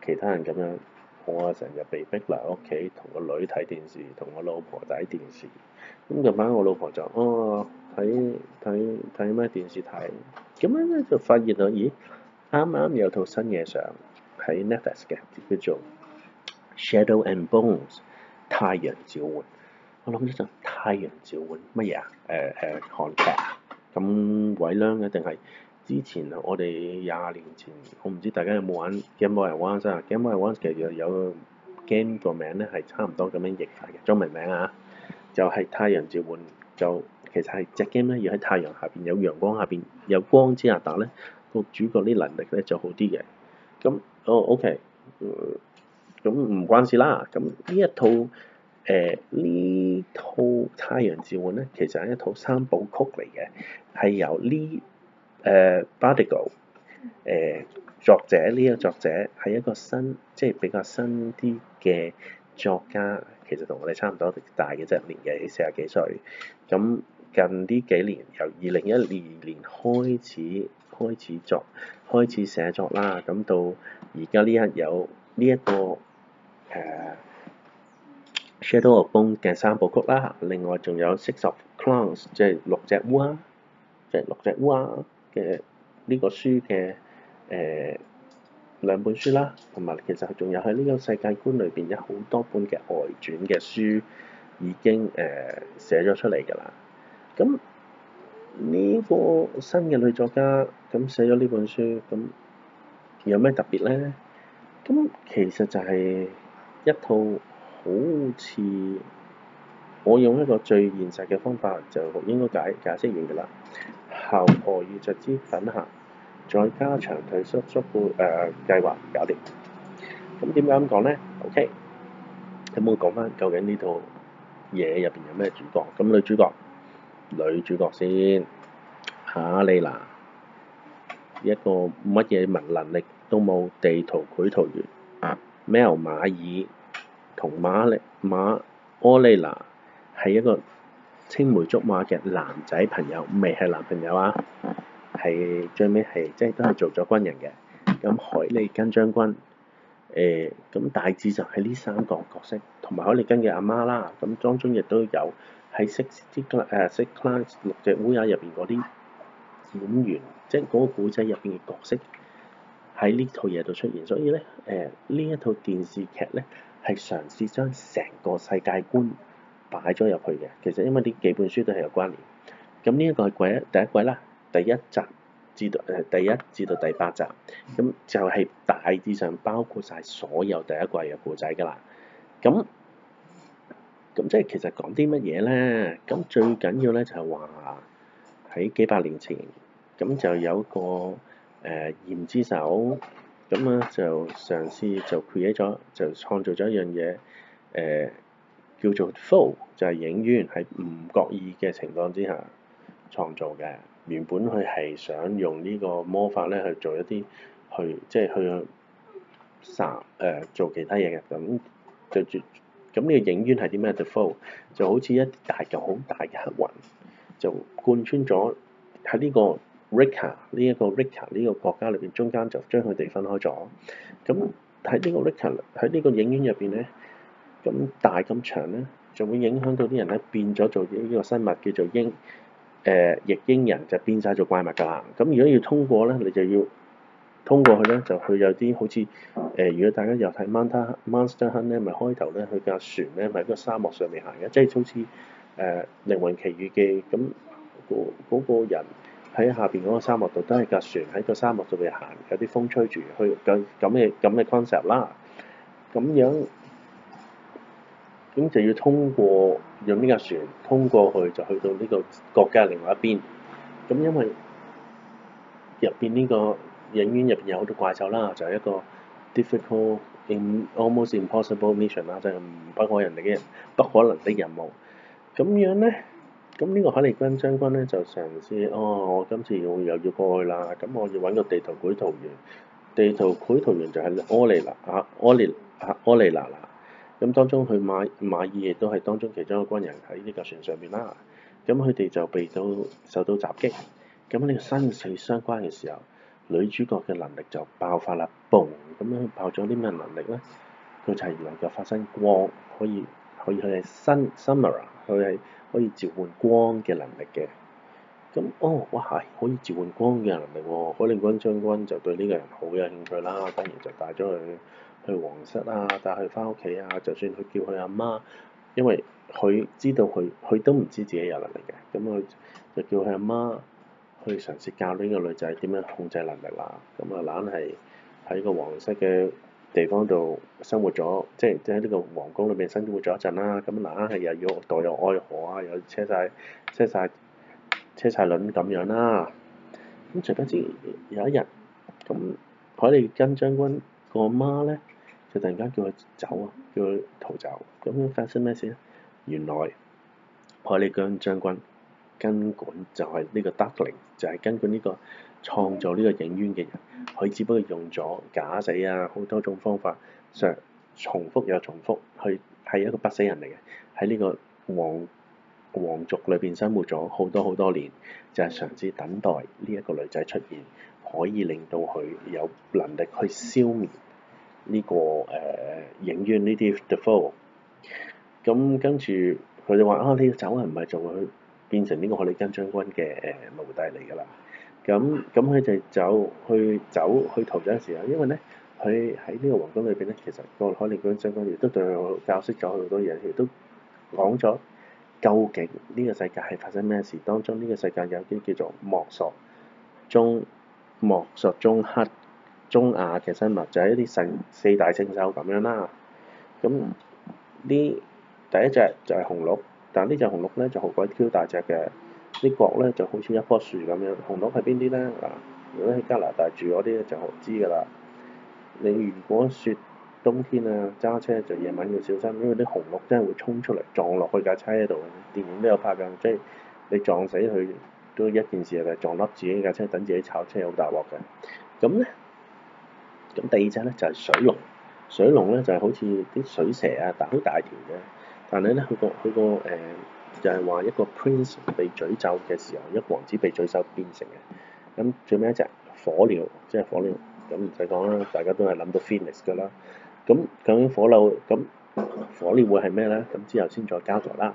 [SPEAKER 3] 其他人咁樣，我啊，成日被逼嚟屋企，同個女睇電視，同我老婆睇電視。咁近排我老婆就哦，睇睇睇咩電視睇。咁樣咧就發現到，咦，啱啱有套新嘢上喺 Netflix 嘅，叫做《Shadow and Bones》。太陽召喚，我諗一陣，太陽召喚乜嘢啊？誒、啊、誒，韓劇咁偉靂嘅定係？之前我哋廿年前，我唔知大家有冇玩《Game Boy Advance》？《Game Boy Advance》其實有 game 個名咧，係差唔多咁樣譯法嘅，中文名啊，就係《太陽召喚》。就其實係隻 game 咧，要喺太陽下邊，有陽光下邊，有光之下打咧，個主角啲能力咧就好啲嘅。咁，哦，OK，嗯，咁唔關事啦。咁呢一套，誒，呢套《太陽召喚》咧，其實係一套三部曲嚟嘅，係由呢。b a 誒 Bardugo 誒作者呢、這個作者係一個新即係比較新啲嘅作家，其實同我哋差唔多大嘅啫，年紀四十幾歲。咁近呢幾年，由二零一二年開始開始作開始寫作啦，咁到而家呢刻有呢一、這個誒、uh, Shadow and Bone 嘅三部曲啦，另外仲有 Six of Crows，即係六隻烏鴉，即、就、係、是、六隻烏鴉。嘅呢個書嘅誒兩本書啦，同埋其實仲有喺呢個世界觀裏邊有好多本嘅外傳嘅書已經誒寫咗出嚟㗎啦。咁呢個新嘅女作家咁寫咗呢本書，咁有咩特別咧？咁其實就係一套好似我用一個最現實嘅方法就應該解解釋完㗎啦。後何以著之等下，再加長退休縮撥誒計劃搞掂。咁點解咁講咧？OK，咁我講返究竟呢套嘢入邊有咩主角？咁女主角，女主角先，阿莉娜，一個乜嘢文能力都冇地圖繪圖員。Mel、啊、馬爾同馬力馬，阿莉娜係一個，青梅竹馬嘅男仔朋友，未係男朋友啊，係最尾係即係都係做咗軍人嘅。咁海利根將軍，誒咁大致就係呢三個角色，同埋海利根嘅阿媽啦。咁當中亦都有喺 Six Crows 誒 Six Crows 六隻烏鴉入邊嗰啲演員，即係嗰個古仔入邊嘅角色喺呢套嘢度出現。所以咧，誒呢一套電視劇咧係嘗試將成個世界觀，擺咗入去嘅，其實因為呢幾本書都係有關聯。咁呢一個係第一第一季啦，第一集至到誒第一至到第八集，咁就係大致上包括晒所有第一季嘅故仔噶啦。咁咁即係其實講啲乜嘢咧？咁最緊要咧就係話喺幾百年前，咁就有個誒驗、呃、之手，咁啊就嘗試就 create 咗，就創造咗一樣嘢誒。呃叫做、The、Fold 就係、是、影院喺唔覺意嘅情況之下創造嘅。原本佢係想用呢個魔法咧去做一啲去，即係去散誒、呃、做其他嘢嘅。咁就絕咁呢個影院係啲咩？The Fold 就好似一大嚿好大嘅黑雲，就貫穿咗喺呢個 Rica 呢一個 Rica 呢個國家裏邊中間，就將佢哋分開咗。咁喺呢個 Rica 喺呢個影院入邊咧。咁大咁長咧，就會影響到啲人咧，變咗做呢個生物叫做鷹，誒、呃、逆鷹人就變晒做怪物㗎啦。咁如果要通過咧，你就要通過去咧，就去有啲好似誒、呃，如果大家又睇《Monster Monster Hunt》咧，咪開頭咧，佢架船咧，咪喺個沙漠上面行嘅，即係好似誒《靈魂奇遇記》咁，嗰個嗰、嗰個人喺下邊嗰個沙漠度都係架船喺個沙漠上面行，有啲風吹住，去咁咁嘅咁嘅 concept 啦，咁樣。咁就要通過用呢架船通過去，就去到呢個國家另外一邊。咁因為入邊呢個影院入邊有好多怪獸啦，就係、是、一個 difficult almost impossible mission 啦，就係不可人哋嘅不可能嘅任務。咁樣咧，咁、這個、呢個海利軍將軍咧就嘗試哦，我今次要又要過去啦。咁我要揾個地圖繪圖員，地圖繪圖員就係奧利娜啊，奧利啊，奧利娜娜。咁當中，佢馬馬爾亦都係當中其中一個軍人喺呢架船上邊啦。咁佢哋就被到受到襲擊。咁呢個生死相關嘅時候，女主角嘅能力就爆發啦！嘣，咁樣爆咗啲咩能力咧？佢就係能夠發生光，可以可以係 Sun Summoner 佢係可以召喚光嘅能力嘅。咁哦，哇係可以召喚光嘅能力喎、哦！海利軍將軍就對呢個人好有興趣啦，當然就帶咗佢。去皇室啊，帶佢翻屋企啊。就算佢叫佢阿媽，因為佢知道佢，佢都唔知自己有能力嘅。咁佢就叫佢阿媽去嘗試教呢個女仔點樣控制能力啦。咁啊，懶係喺個皇室嘅地方度生活咗，即係即喺呢個皇宮裏面生活咗一陣啦。咁懶係又要墮入愛河啊，又車曬車晒車曬輪咁樣啦、啊。咁誰不知有一日，咁佢哋跟將軍個阿媽咧。佢突然間叫佢走啊，叫佢逃走。咁樣發生咩事咧？原來海利將將軍根本就係呢個德靈，就係根本呢個創造呢個影院嘅人。佢只不過用咗假死啊，好多種方法，想重複又重複。佢係一個不死人嚟嘅，喺呢個皇王，王族裏邊生活咗好多好多年，就係、是、嘗試等待呢一個女仔出現，可以令到佢有能力去消滅。呢、這個誒、呃、影院呢啲 default，咁跟住佢就話啊，你走係唔係就會變成呢個海力根將軍嘅誒奴隸嚟㗎啦？咁咁佢就走去走去逃走嘅時候，因為咧佢喺呢個皇宮裏邊咧，其實個海力根將軍亦都對佢教識咗好多嘢，亦都講咗究竟呢個世界係發生咩事？當中呢個世界有啲叫做莫索中莫索中黑。中亞嘅生物就係、是、一啲神四大聖獸咁樣啦。咁呢第一隻就係紅鹿，但呢隻紅鹿咧就好鬼 Q 大隻嘅，啲角咧就好似一棵樹咁樣。紅鹿係邊啲咧？啊，如果喺加拿大住嗰啲就知㗎啦。你如果雪冬天啊揸車，就夜晚要小心，因為啲紅鹿真係會衝出嚟撞落去架車度嘅。電影都有拍㗎，即係你撞死佢都一件事，係撞粒自己架車，等自己炒車好大鑊嘅。咁咧。咁第二隻咧就係水龍，水龍咧就係好似啲水蛇啊，大好大條嘅。但係咧，佢個佢個誒就係話一個 Prince 被詛咒嘅時候，一王子被詛咒變成嘅。咁最尾一隻火鳥，即係火鳥，咁唔使講啦，大家都係諗到 Phoenix 㗎啦。咁究竟火鳥咁火鳥會係咩咧？咁之後先再交代啦。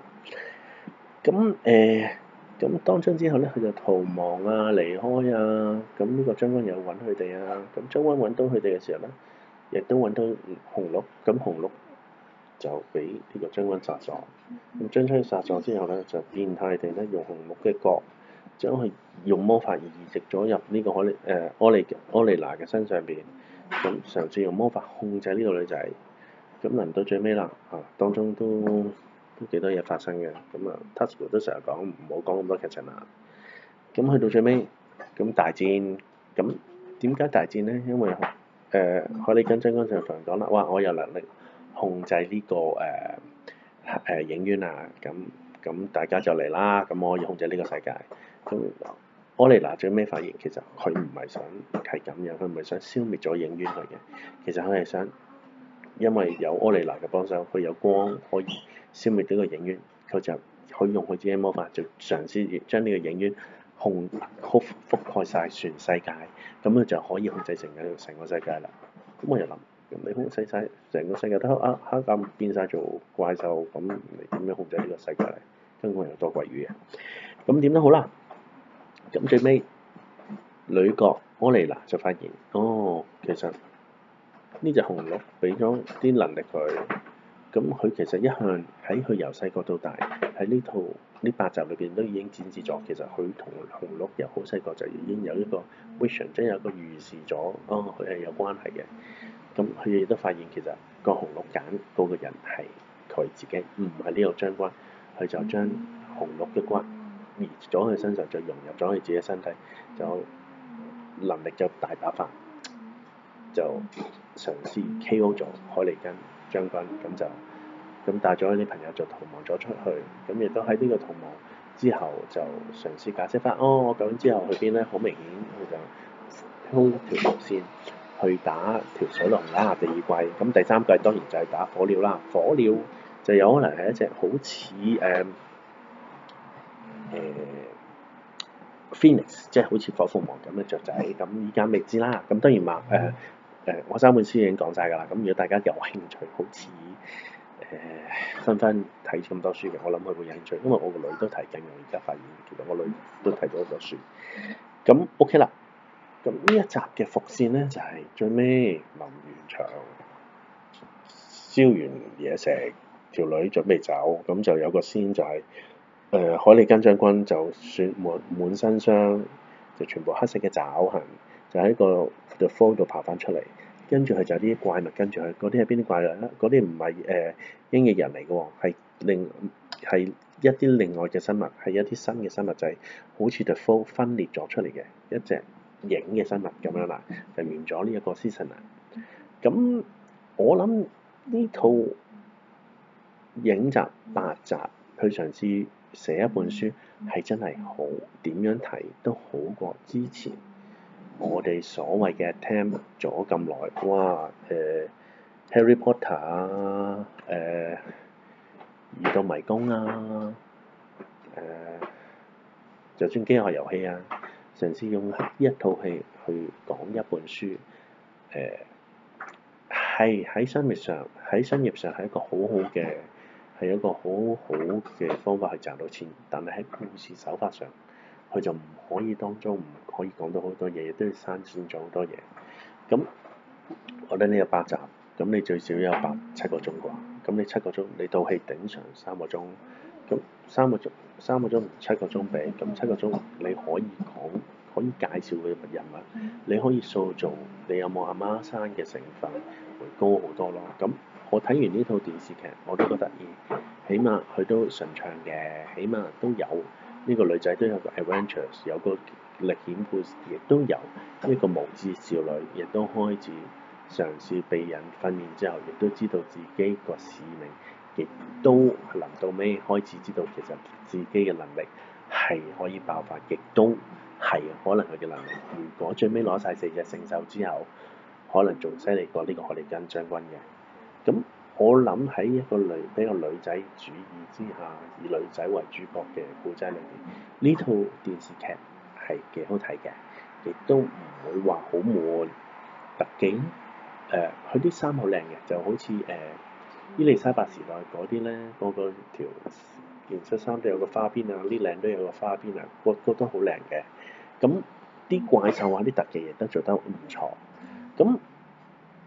[SPEAKER 3] 咁誒。呃咁當中之後咧，佢就逃亡啊、離開啊。咁、這、呢個將軍又揾佢哋啊。咁將軍揾到佢哋嘅時候咧，亦都揾到紅鹿。咁紅鹿就俾呢個將軍殺咗。咁將軍將佢殺咗之後咧，就變態地咧用紅鹿嘅角將佢用魔法移植咗入呢個可莉嘅可莉可莉娜嘅身上邊。咁嘗試用魔法控制呢個女仔。咁嚟到最尾啦，嚇當中都～都幾多嘢發生嘅咁啊？Tasuku 都成日講唔好講咁多劇情啦。咁去到最尾，咁大戰，咁點解大戰咧？因為誒海莉根將軍就同人講啦，哇！我有能力控制呢、這個誒誒、呃啊啊、影院啊！咁咁大家就嚟啦！咁我可以控制呢個世界。咁奧莉娜最尾發現，其實佢唔係想係咁樣，佢唔係想消滅咗影院佢嘅，其實佢係想因為有奧莉娜嘅幫手，佢有光可以，消滅呢個影院，佢就可以用佢啲魔法，就嘗試將呢個影院控覆覆蓋晒全世界，咁佢就可以控制成個成個世界啦。咁我又諗，咁你控制晒成個，個世界都黑黑咁變晒做怪獸，咁你點樣控制呢個世界嚟？真係又多鬼語嘅。咁點都好啦，咁最尾女角安妮娜就發現，哦，其實呢隻紅鹿俾咗啲能力佢。咁佢其實一向喺佢由細個到大喺呢套呢八集裏邊都已經展示咗，其實佢同紅鹿由好細個就已經有一個 vision，即係有個預示咗，哦，佢係有關係嘅。咁佢亦都發現其實個紅鹿揀嗰個人係佢自己，唔係呢個將軍，佢就將紅鹿嘅骨移咗佢身上，就融入咗佢自己身體，就能力就大爆發，就嘗試 KO 咗凱利根。將軍咁就咁帶咗啲朋友就逃亡咗出去，咁亦都喺呢個逃亡之後就嘗試解釋返、哦，哦，我究竟之後去邊咧？好明顯佢就鋪條路線去打條水龍啦，第二季，咁第三季當然就係打火鳥啦，火鳥就有可能係一隻好似誒誒 Phoenix，即係好似火鳳凰咁嘅雀仔，咁依家未知啦，咁當然話誒。呃我三本書已經講晒㗎啦。咁如果大家有興趣，好似誒分分睇咁多書嘅，我諗佢會有興趣，因為我個女都睇緊。我而家發現，其實我女都睇咗嗰個書。咁 OK 啦。咁呢一集嘅伏線咧，就係、是、最尾臨完場，燒完嘢食，條女準備走，咁就有個仙就係、是呃、海利根將軍就，就雪滿滿身傷，就全部黑色嘅爪痕，就喺個藥方度爬返出嚟。跟住佢就係啲怪物跟住佢，嗰啲係邊啲怪物咧？嗰啲唔係誒英嘅人嚟嘅喎，係另係一啲另外嘅生物，係一啲新嘅生物就係、是、好似 The Fold 分裂咗出嚟嘅一隻影嘅生物咁樣啦，就完咗呢一個 season 啦。咁我諗呢套影集八集佢嘗試寫一本書，係真係好，點樣睇都好過之前。我哋所謂嘅聽咗咁耐，哇！誒、呃《Harry Potter、呃》啊，誒移動迷宮啊，誒、呃、就算飢餓遊戲啊，嘗試用一套戲去講一本書，誒係喺商業上喺商業上係一個好好嘅，係一個好好嘅方法去賺到錢，但係喺故事手法上。佢就唔可以當中唔可以講到好多嘢，亦都要刪剪咗好多嘢。咁我覺得呢個八集，咁你最少有八七個鐘啩。咁你七個鐘，你到戲頂上三個鐘，咁三個鐘三個鐘七個鐘俾，咁七個鐘你可以講可以介紹佢嘅人物，你可以塑造，你有冇阿媽生嘅成分會高好多咯。咁我睇完呢套電視劇，我都覺得咦，起碼佢都順暢嘅，起碼都有。呢個女仔都有個 adventures，有個歷險故事，亦都有一個無知少女，亦都開始嘗試被人訓練之後，亦都知道自己個使命，亦都臨到尾開始知道其實自己嘅能力係可以爆發，亦都係可能佢嘅能力，如果最尾攞晒四隻聖獸之後，可能仲犀利過呢個海里根將軍嘅，咁。我諗喺一個女比較女仔主義之下，以女仔為主角嘅故仔裏面，呢套電視劇係幾好睇嘅，亦都唔會話好悶。特技誒，佢啲衫好靚嘅，就好似誒、呃、伊利沙伯時代嗰啲咧，嗰、那個條件恤衫都有個花邊啊，啲領都有個花邊啊，覺、那、覺、個、都好靚嘅。咁啲怪獸話啲特技亦都做得唔錯，咁。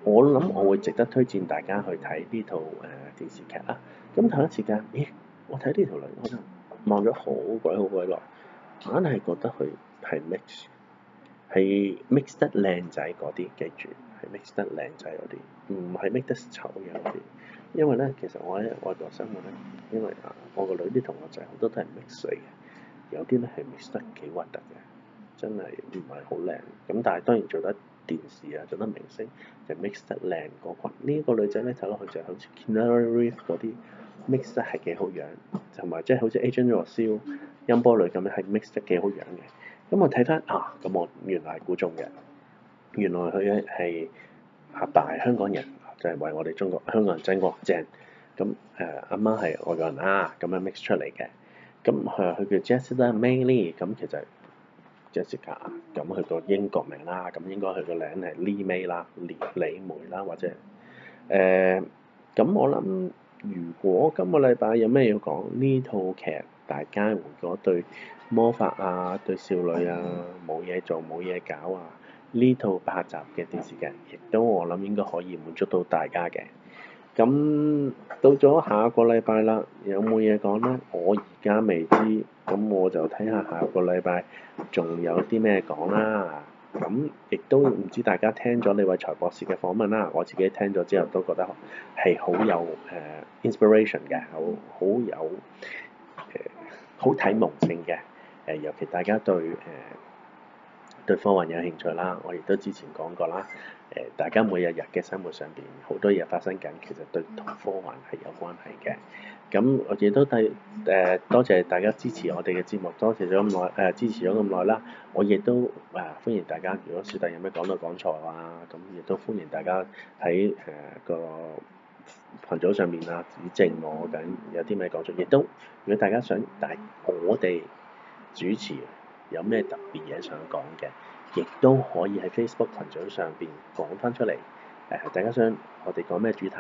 [SPEAKER 3] 我諗我會值得推薦大家去睇呢套誒、呃、電視劇啦。咁頭一時間，咦？我睇呢條女，我望咗好鬼好鬼耐，硬係覺得佢係 mix，係 mix 得靚仔嗰啲，記住係 mix 得靚仔嗰啲，唔係 mix 得醜樣嗰啲。因為咧，其實我喺外國生活咧，因為啊，我個女啲同學仔好多都係 mix 水嘅，有啲咧係 mix 得幾核突嘅，真係唔係好靚。咁但係當然做得。電視啊，做得明星就 mix 得靚、嗰個群。呢、呢個女仔咧，睇落去就好似 Kendall Jenner 嗰啲 mix 得係幾好樣，同埋即係好似 Ariana Grande、Taylor Swift 咁咧，係 mix 得幾好樣嘅。咁我睇翻啊，咁我原來係估中嘅，原來佢係合大香港人，就係、係、為我哋中國香港人爭光正。咁誒，阿媽係外國人啊咁樣 mix 出嚟嘅。咁佢、啊、叫 Jessica Maeng Lee，咁其實～Jessica 啊，咁佢個英國名啦，咁應該佢個名係 Lee 梅啦，李李梅啦，或者誒，咁、呃、我諗如果今個禮拜有咩要講呢套劇，大家如果對魔法啊、對少女啊冇嘢做、冇嘢搞啊，呢套八集嘅電視劇，亦都我諗應該可以滿足到大家嘅。咁到咗下個禮拜啦，有冇嘢講呢？我而家未知。咁我就睇下下個禮拜仲有啲咩講啦。咁亦都唔知大家聽咗李偉才博士嘅訪問啦，我自己聽咗之後都覺得係、uh, 好有誒 inspiration 嘅，好有、uh, 好睇夢性嘅。誒、uh,，尤其大家對誒、uh, 對科幻有興趣啦，我亦都之前講過啦。誒，大家每日日嘅生活上邊好多嘢發生緊，其實對同科幻係有關係嘅。咁我亦都對誒、呃，多謝大家支持我哋嘅節目，多謝咗咁耐誒，支持咗咁耐啦。我亦都誒、啊、歡迎大家，如果小弟有咩講到講錯啊，咁亦都歡迎大家喺誒、呃、個羣組上面啊指正我緊。有啲咩講錯，亦都如果大家想，但係我哋主持有咩特別嘢想講嘅。亦都可以喺 Facebook 群組上邊講翻出嚟，大家想我哋講咩主題，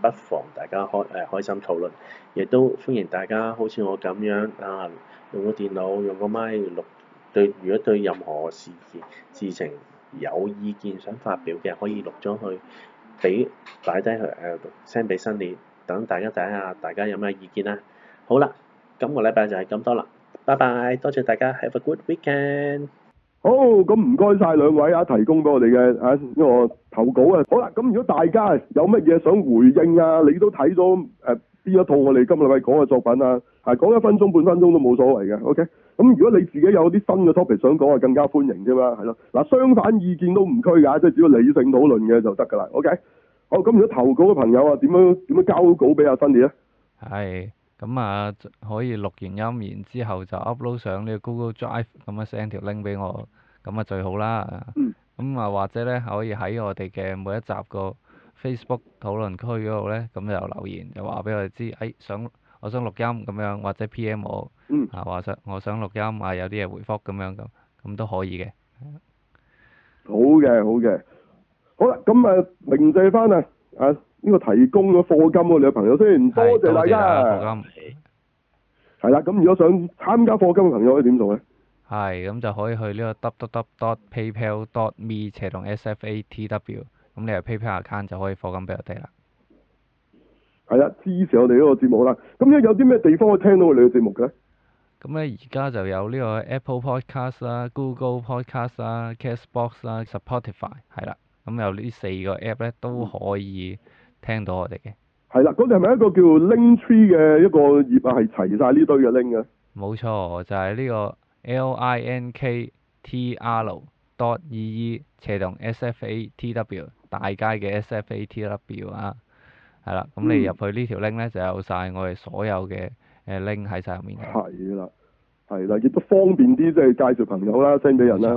[SPEAKER 3] 不妨大家開誒開心討論，亦都歡迎大家好似我咁樣啊，用個電腦用個麥錄對，如果對任何事件事情有意見想發表嘅，可以錄咗去，俾擺低佢誒 send 俾 Sunny，啊、Sunny，等大家睇下大家有咩意見啦。好啦，今個禮拜就係咁多啦，拜拜，多謝大家，Have a good weekend。
[SPEAKER 4] 好，咁唔該晒兩位啊，提供俾我哋嘅啊呢個投稿啊，好啦，咁如果大家有乜嘢想回應啊，你都睇咗誒呢一套我哋今日喂講嘅作品啊，係、啊、講一分鐘半分鐘都冇所謂嘅，OK？咁如果你自己有啲新嘅 topic 想講啊，更加歡迎啫嘛，係咯？嗱、啊，相反意見都唔拘噶，即係只要理性討論嘅就得噶啦，OK？好，咁如果投稿嘅朋友啊，點樣點樣交稿俾阿辛尼咧？
[SPEAKER 1] 係。咁啊，可以錄完音，然之後就 upload 上呢個 Google Drive 咁樣 send 條 link 俾我，咁啊最好啦。嗯。咁啊，或者咧可以喺我哋嘅每一集個 Facebook 討論區嗰度咧，咁就留言就話俾我哋知，哎想我想錄音咁樣，或者 PM 我。嗯、啊話想我想錄音啊，有啲嘢回覆咁樣咁，咁都可以嘅。
[SPEAKER 4] 好嘅，好嘅。好啦，咁啊，明聚翻啊，啊！呢個提供咗課金喎，你嘅朋友先，是多謝大家。課金係啦，咁如果想參加課金嘅朋友可以點做呢？
[SPEAKER 1] 係咁就可以去呢個 www.paypal.me/sfatw，咁你有 PayPal account 就可以課金俾我哋啦。
[SPEAKER 4] 係啦，支持我哋呢個節目啦。咁咧有啲咩地方可以聽到我哋嘅節目嘅？
[SPEAKER 1] 咁咧，而家就有呢個 Apple Podcast 啦、Google Podcast 啦、Castbox 啦、Spotify，係啦，咁有呢四個 app 咧都可以、嗯。聽到我哋嘅
[SPEAKER 4] 係啦，嗰度係咪一個叫 Linktree 嘅一個頁啊？係齊晒呢堆嘅 link 嘅。
[SPEAKER 1] 冇錯，就係、是、呢個 linktr. dot ee 斜同 sfatw 大街嘅 sfatw 啊，係啦。咁你入去呢條 link 咧，就是、有晒我哋所有嘅誒 link 喺晒入面、啊。係啦、嗯，
[SPEAKER 4] 係、嗯、啦，亦都方便啲，即係介紹朋友啦、send 畀人啦，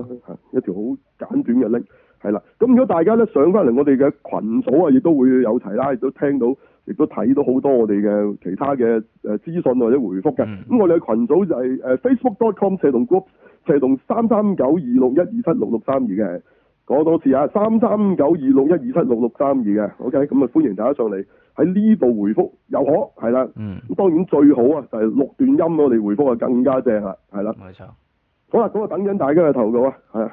[SPEAKER 4] 一條好簡短嘅 link。係啦，咁如果大家咧上翻嚟，我哋嘅群組啊，亦都會有齊啦，亦都聽到，亦都睇到好多我哋嘅其他嘅誒資訊或者回覆嘅。咁、mm hmm. 我哋嘅群組就係誒 Facebook.com 斜槓 group 斜槓三三九二六一二七六六三二嘅，講多次啊，三三九二六一二七六六三二嘅，OK，咁啊歡迎大家上嚟喺呢度回覆，又可係啦。嗯。咁、mm hmm. 當然最好啊，就係、是、錄段音我哋回覆啊，更加正啦、啊，係啦。冇錯錯。好啦、啊，咁啊等緊大家嘅投稿啊，係。